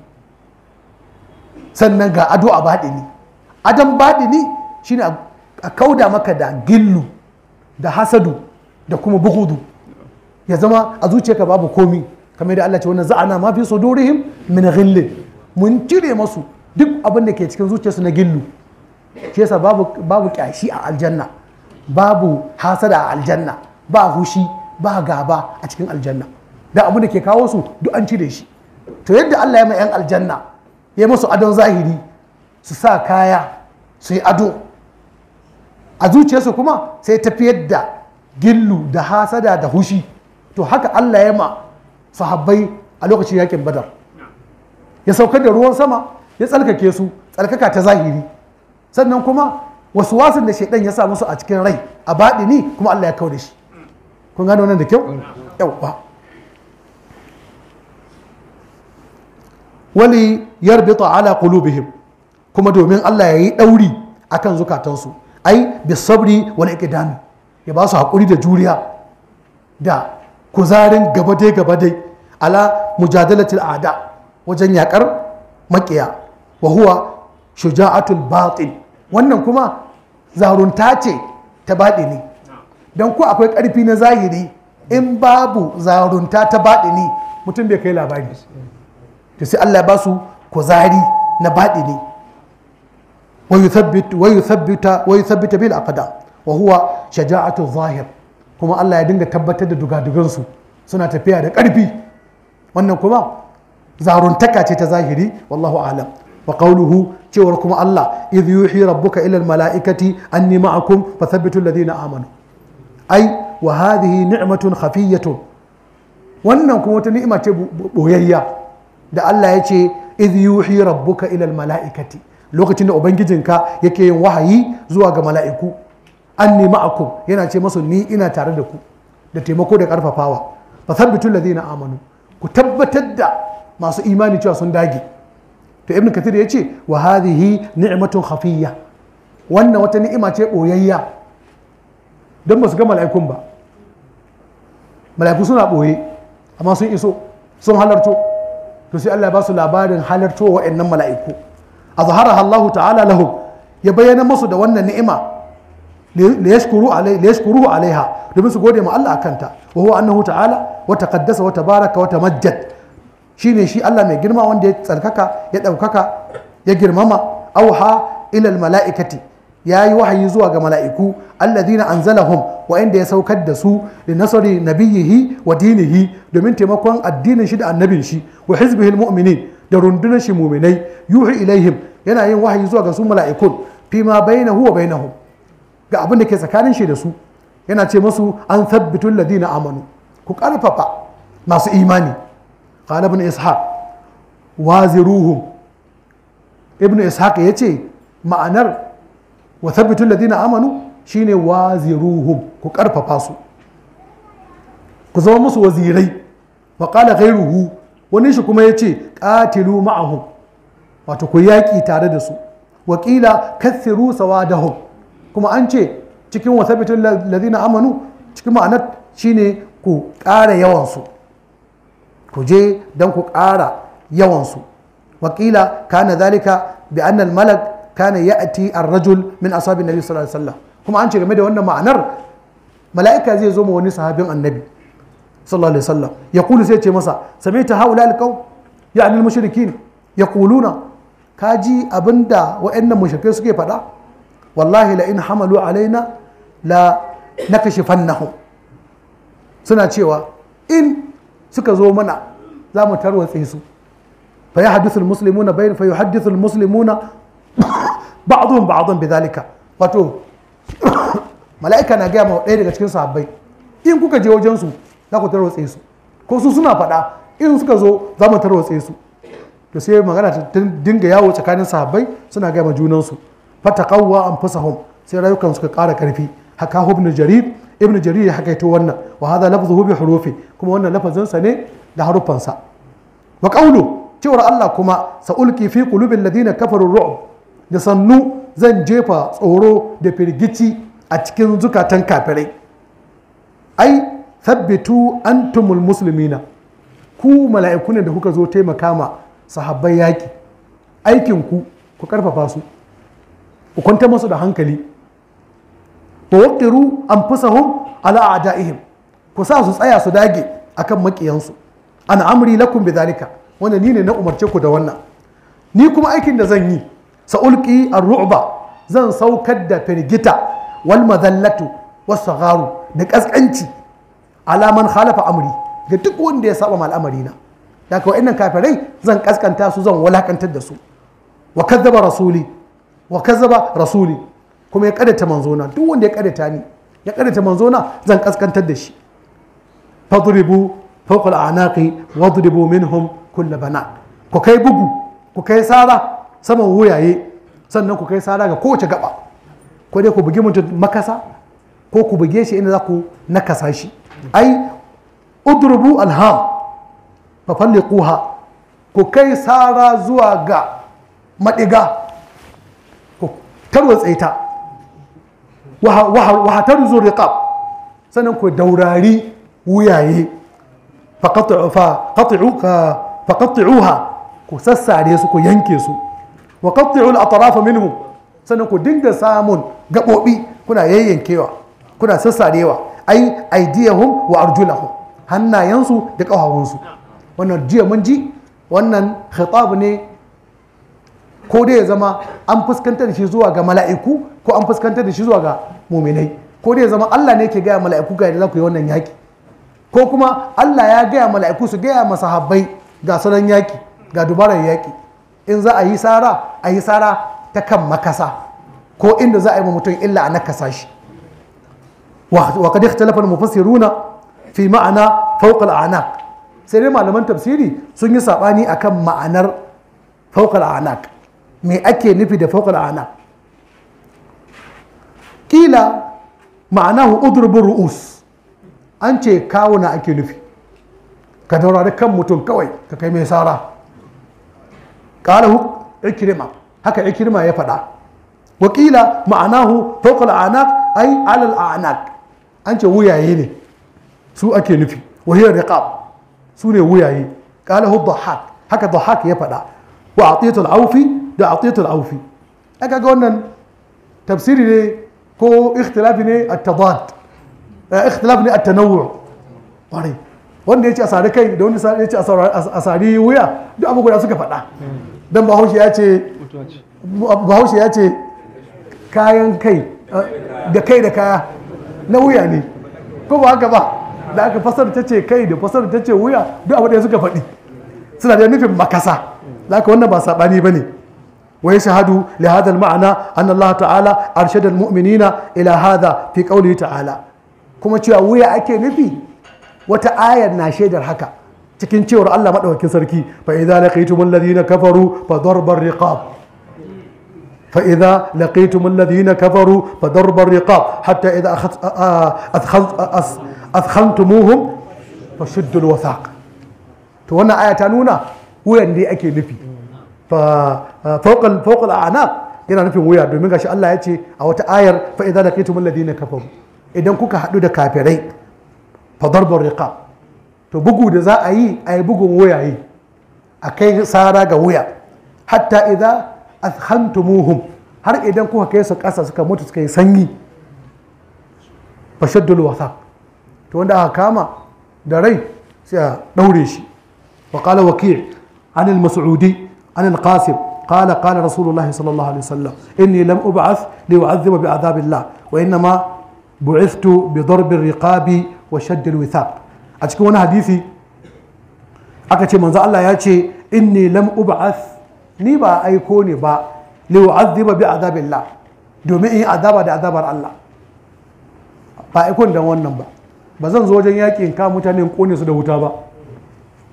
sannan ga ado a baɗini adon baɗini shine a kauda maka da gillu da hasadu da kuma bugudu ya zama a zuciyarka babu komi kamar da Allah ce wannan za'ana ma fi sudurihim min ghillin mun cire masu duk abin da ke cikin zuciyarsu na gillu shi yasa babu babu kyashi a aljanna babu hasada a aljanna ba hushi ba gaba a cikin aljanna da abu da ke kawo su duk an ci da shi to yadda Allah ya ma 'yan aljanna ya musu adon zahiri su sa kaya su yi ado a zuciyarsu kuma sai tafi yadda gillu da hasada da hushi to haka Allah ya ma sahabbai a lokacin yakin badar ya saukar da ruwan sama ya tsalkake su tsalkaka ta zahiri sannan kuma wasu wasan da shaidan ya sa musu a cikin rai a baɗini kuma Allah ya kawo da shi kun gano nan da kyau mm. Wani wali yarbita ala qulubihim kuma domin Allah ya yi ɗauri a kan zukatansu ai sabri wani iqdami ya ba su da juriya da kuzarin gaba dai gaba dai ala mujadalatil a'da wajen yakar makiya wa huwa shuja'atul wannan kuma zarunta ce ta baɗi ne don ko akwai karfi na zahiri in babu zarunta ta baɗini mutum bai kai labari Ta sai Allah ya ba su kuzari na baɗini wa yuthabbita bil aqdam wa huwa shaja'atu zahir kuma Allah ya dinga tabbatar da dugadugansu suna tafiya da ƙarfi wannan kuma zaruntaka ce ta zahiri wallahu alam wa qawluhu cewar kuma Allah idh yuhi rabbuka ila al mala'ikati anni ma'akum fathabbitu alladhina amanu ai wa hadhihi ni'matun khafiyatun wannan kuma wata ni'ima ce boyayya da Allah ya ce idh yuhi rabbuka ila al mala'ikati lokacin da ubangijinka yake yin wahayi zuwa ga mala'iku anni ma'akum yana ce masu ni ina tare da ku da taimako da karfafawa fa thabbitu alladhina amanu ku tabbatar da masu imani cewa sun dage to ibn kathir ya ce wa hadhihi ni'matun khafiyya wannan wata ni'ima ce boyayya don ba su ga mala'ikun ba mala'iku suna ɓoye amma sun iso sun halarto to sai Allah ba su labarin halarto wa waɗannan mala'iku a zahara Allah ta'ala lahu, ya bayyana masu da wannan ni'ima yashkuru alaiha domin su gode ma Allah akanta wa huwa annahu ta'ala wa taqaddasa wa tabaraka wa tamajjad shine shi Allah mai girma wanda ya tsarkaka ya daukaka ya girmama auha ilal mala'ikati ya yi wahayi zuwa ga mala'iku alladina Wa wa'inda ya saukar da su da nasari biyihi wa dinihi domin taimakon addinin shi da annabin shi wa hizbihin mu'minin da rundunar shi mu'minai yuhi ilaihim yana yin wahayi zuwa ga su mala'ikun fi ma bainahu bayyana hu ga abin da ke tsakanin shi da su yana ce musu an thabbitu ladina amanu ku karfafa masu imani qala ibn ishaq waziruhum ibn ishaq ya ce ma'anar wa thabbitul ladina amanu shine waziruhum ku karfafa su ku zama musu wazirai wa qala ghayruhu wani shi kuma yace qatilu ma'ahum wato ku yaki tare da su wa qila kathiru sawadahum kuma an ce cikin wa thabbitul ladina amanu cikin ma'anar shine ku ƙara yawansu ku je don ku ƙara yawansu wakila kana zalika bi annal malak kana ya'ti ar-rajul min asabin nabi sallallahu alaihi kuma an ce game da wannan ma'anar mala'ika zai zo ma wani sahabin annabi sallallahu alaihi wasallam ya kulu sai ce masa sami'ta haula al-qaum ya'ni al-mushrikin yaquluna kaji abinda wa'annan mushrikai suke faɗa wallahi la in hamalu alaina la nakashifannahu suna cewa in suka zo mana za mu tarwatse su fa yahdithu al-muslimuna bayn fa yuhaddithu al-muslimuna ba'dhum ba'dhum bidhalika wato mala'ika na gaya ma daga cikin sahabbai in kuka je wajen su za ku tarwatse su ko su suna faɗa in suka zo za mu tarwatse su to sai magana ta dinga yawo tsakanin sahabbai suna gaya ma junan su fataqawwa anfusahum sai rayukan suka ƙara karfi haka ibn jarir ibn jarir ya hakaito wannan wa hadha lafzuhu bi hurufi kuma wannan lafazin sa ne da harufansa wa qawlu cewar Allah kuma sa'ulki fi kulubin ladina kafaru ru'b da sannu zan jefa tsoro da firgici a cikin zukatan kafirai ai thabbitu antumul muslimina ku mala'iku ne da kuka zo taimaka ma sahabbai yaƙi aikin ku ku karfafa su ku kwanta masu da hankali ku waqiru anfusahum ala ihim. ku sa su tsaya su dage akan makiyansu ana amri lakum bidhalika wanda ni ne na umarce ku da wannan ni kuma aikin da zan yi sa'ulki ar-ru'ba zan saukar da firgita wal madallatu wasu sagharu da kaskanci alaman khalafa amri ga duk wanda ya saba al'amari na da ka wa'annan kafirai zan kaskanta su zan walakantar da su wa kazzaba rasuli wa kazzaba rasuli kuma ya kadata manzona duk wanda ya kadata ni ya kadata manzona zan kaskantar da shi fadribu fawqa al-anaqi wadribu minhum kull bana ku kai bugu ku kai sara saman wuyaye sannan ku kai sara ga kowace gaba ko dai ku bugi mutum makasa ko ku buge shi inda za ku nakasa shi ai udrubu alham fa falliquha ku kai sara zuwa ga madiga ku tarwa tsaita wa hatar zuwa riqab sannan ku daurari wuyaye fa qat'uha ku sassare su ku yanke su wa atarafa atrafa minhum sannan ku dinga samun gaɓoɓi kuna yayyankewa kuna sassarewa ai aidiyahum wa arjulahum hannayensu da ƙafafunsu wannan jiya mun ji wannan khitab ne ko dai ya zama an fuskantar da shi zuwa ga mala'iku ko an fuskantar da shi zuwa ga muminai ko dai ya zama Allah ne ke gaya mala'iku ga yadda za ku yi wannan yaki ko kuma Allah ya gaya mala'iku su gaya masahabbai ga salon yaki ga dubarar yaki in za a yi sara a yi sara ta kan makasa ko inda za a yi mutum illa a nakasa shi wa kad ikhtalafa al-mufassiruna fi ma'ana fawqa anak sai dai malaman tafsiri sun yi sabani akan ma'anar fawqa anak me ake nufi da fawqa anak Ƙila kila ma'anahu udrubur ru'us an ce kawuna ake nufi ka daurari kan mutum kawai ka kai mai sara qala ikrima haka ikrima ya faɗa wakila ma'anahu fokal anak ai alal anak an ce wuyaye ne su ake nufi wa hiya riqab su ne wuyaye qala hu haka ya faɗa wa atiyatul aufi da atiyatul aufi aka ga wannan tafsiri ne ko ikhtilafi ne a wanda ya ce a sari kai da wanda ya ce a sari wuya duk abubuwa suka faɗa don bahaushe ya ce kayan kai da kai da kaya na wuya ne ko ba haka ba da aka fasar ta ce kai da fasar ta ce wuya duk abu da suka faɗi suna da nufin makasa da aka wannan ba saɓani ba ne wa shahadu li hadha ma'ana an Allah ta'ala arshada al-mu'minina ila hadha fi qawlihi ta'ala kuma cewa wuya ake nufi wata ayar na shaidar haka cikin cewar Allah maɗaukakin sarki fa idza laqaytumul ladina kafaru fa darbar riqab fa idza laqaytumul ladina kafaru fa darbar riqab hatta idza athkhantumuhum fa shuddul wasa. to wannan aya ta nuna wuyan da ake nufi fa fawqal ana yana nufin wuya domin gashi Allah ya ce a wata ayar fa idza laqaytumul ladina kafaru idan kuka haɗu da kafirai fa darbar riqab to bugu da za a yi a bugun wayaye akai sara ga wuya hatta idza athkhantumuhum har idan kuka kai su kasa suka mutu suka yi sanyi fashaddul wasaq to wanda aka kama da rai sai a daure shi wa qala waqi' an al-mas'udi an al-qasim قال قال رسول الله صلى الله عليه وسلم إني لم أبعث لأعذب بعذاب الله وإنما بعثت بضرب الرقاب وشد الوثاق a cikin wani hadisi aka ce manzo Allah ya ce inni lam ub'as ni ba aiko ne ba li u'azziba bi adabillah domin in azaba da azabar Allah ba aiko dan wannan ba ba zan zo wajen yaƙi in ka mutane in kone su da wuta ba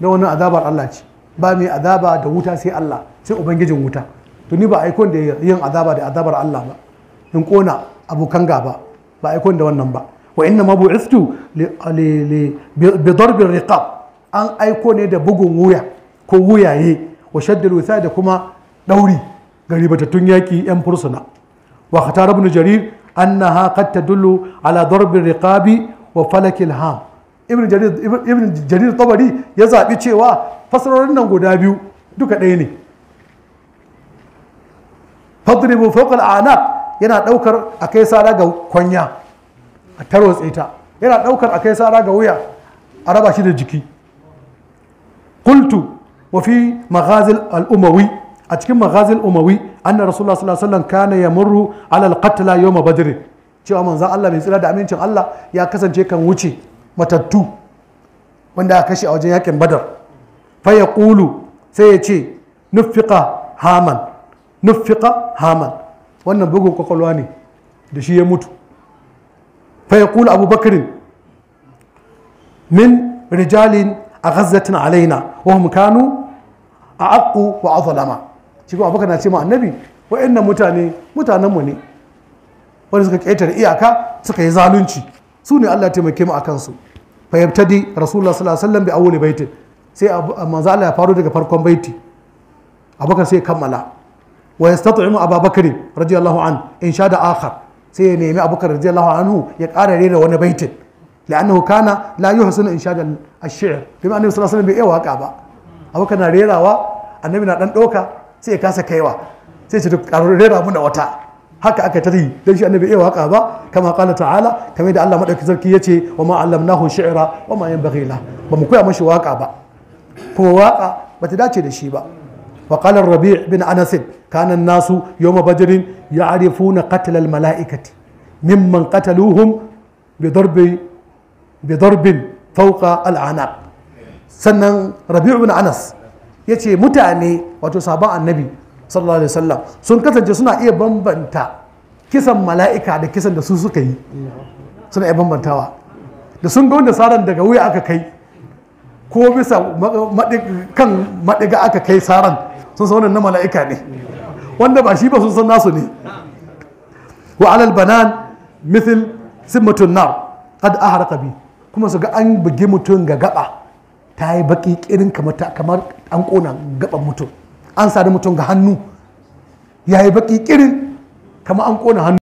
don wannan azabar Allah ce ba mai azaba da wuta sai Allah sai ubangijin wuta to ni ba aikon da yin azaba da azabar Allah ba in kona abokan gaba ba aikon da wannan ba وانما بعثت بضرب الرقاب أن أيكون ده بغن ويا كو ويا يي وشد الوثاد كما دوري غريبه تتون ياكي ان فرسنا واختار ابن جرير انها قد تدل على ضرب الرقاب وفلك الهام ابن جرير ابن جرير tabari يزابي zaɓi cewa نان nan بيو biyu ديني تضرب فوق الاعناق fawqa al yana ɗaukar a sara ga kwanya a tarwatse ta yana ɗaukar a kai sara ga wuya a raba shi da jiki kultu wa fi maghazil al'umawi a cikin maghazil umawi anna rasu sallallahu alaihi wasallam kana yamurru ala al-qatla yawm badr cewa manzon Allah mai tsira da amincin Allah ya kasance kan wuce matattu wanda aka kashe a wajen yakin badar fa yaqulu sai ya ce nuffiqa haman nuffiqa haman wannan bugun kwakwalwa ne da shi ya mutu فيقول أبو بكر من رجال أغزة علينا وهم كانوا أعق وأظلم شكو أبو بكر نسيما النبي وإن متاني متانا مني wani suka ƙetare iyaka suka yi zalunci su ne Allah taimake mu a kansu fa yabtadi rasulullah sallallahu alaihi wasallam bi awwali baitin sai manzo Allah ya faro daga farkon baiti abubakar sai kammala wa yastati'u abubakar radiyallahu an in sha da akhar sai ya nemi abubakar radiyallahu anhu ya ƙara rera wani baitin la'annahu kana la a inshad ash-shi'r domin annabi sallallahu alaihi bai iya waka ba abubakar na rerawa annabi na dan ɗauka sai ya kasa kaiwa sai ce ƙaro rera a wata haka aka tari dan shi annabi iya waka ba kama kala ta'ala kamar da Allah madaukakin sarki yace wa ma allamnahu shi'ra wa ma yanbaghi la ba mu koya mashi waka ba kuma waka bata dace da shi ba wa qala rabi' bin anas kanan nasu yawma badrin ya'rifuna qatl al mala'ikati mimman qataluhum bi darbi bi sannan rabi'u bin anas ce mutane wato sabon annabi sallallahu alaihi wasallam sun kasance suna iya bambanta kisan mala'ika da kisan da su suka yi suna iya bambantawa da sun ga wanda saran daga wuya aka kai ko bisa kan maɗiga aka kai saran sun san wannan na mala'ika ne wanda ba shi ba sun san nasu ne wa alal banan mithil simmatun nar qad ahraqa bi kuma su ga an bugi mutum ga gaba ta yi baki kirin kamar an kona gaban mutum an sadu mutum ga hannu ya yi baki kirin kamar an kona hannu